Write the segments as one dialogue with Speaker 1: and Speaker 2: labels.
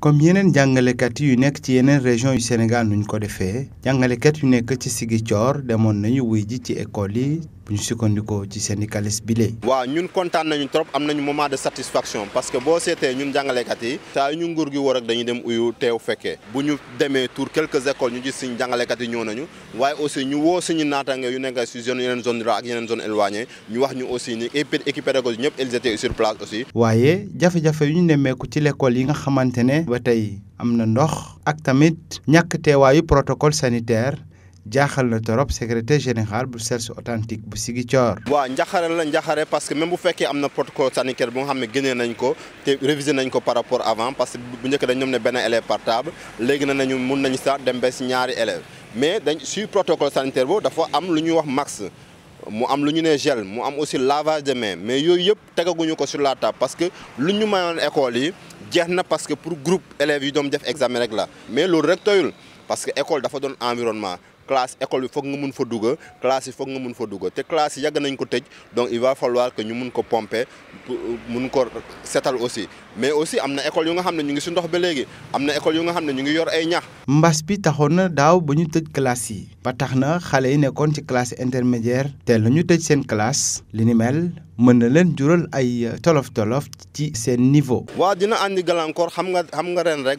Speaker 1: comme yeneen jàngalekat yu nekk ci yeneen région yu Sénégal nuñ ko defee jàngalekat yu nekk ci Ziguinchor demoon nañu wuy ji ci école yi bu ñu sukkandikoo ci syndicaliste bi lee
Speaker 2: waaw ñun kontaan nañu trop am nañu moment de satisfaction parce que boo seetee ñun jàngalekat yi saa yu ñu nguur gi war ak dañuy dem uyu teew fekkee bu ñu demee tour quelques écoles ñu gis suñu jàngalekat yi ñëw nañu waaye aussi ñu woo suñu naataange yu nekk si zone yeneen zone rural ak yeneen zone éloignée ñu wax ñu aussi ni équipe pédagogique ñëpp ils étaient sur place aussi
Speaker 1: waaye jafe-jafe yu ñu nemmeeku ci lekkool yi nga xamante ne ba tey am na ndox ak tamit ñàkk teewaayu protocole sanitaire jaaxal na torop secrétaire général bu CELS authentique bu Ziguinchor.
Speaker 2: waaw njaxare la njaxare parce que même bu fekkee am na protocole sanitaire bu nga xam ne génnee nañ ko te révisé nañ ko par rapport avant parce que bu njëkk dañ ñoom ne benn élève portable table léegi na nañu mun nañu sax dem ba si ñaari élèves mais dañ sur protocole sanitaire boobu dafa am lu ñuy wax max. mu am lu ñu ne gel mu am aussi lavage de main mais yooyu yëpp tegaguñu ko sur la table parce que lu ñu mayoon école yi jeex na parce que pour groupe élève yi doom def examen rek la mais loolu rek toyul parce que école dafa doon environnement classe école il faut que nous fa classe il faut que nous classe donc il va falloir que nous pomper euh, aussi mais aussi école yu nga ñu ngi ndox ba légui amna école yu nga ñu ngi yor ay ñaax
Speaker 1: mbass bi daw ñu tej classe yi. ba taxna xalé ci classe intermédiaire té la ñu classe na niveau.
Speaker 2: andi galancor xam nga xam nga ren rek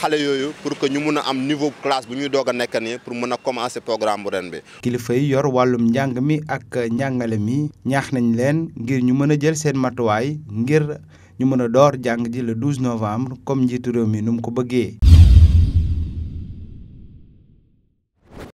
Speaker 2: xale yooyu pour que ñu mun a am niveau classe bu ñuy doog a nekk nii pour mun a commencer programme bu ren bi.
Speaker 1: kilifa yi yor wàllum njàng mi ak njàngale mi ñaax nañ leen ngir ñu mën a jël seen matuwaay ngir ñu mën a door jàng ji le 12 novembre comme njiitu réew mi nu mu ko bëggee.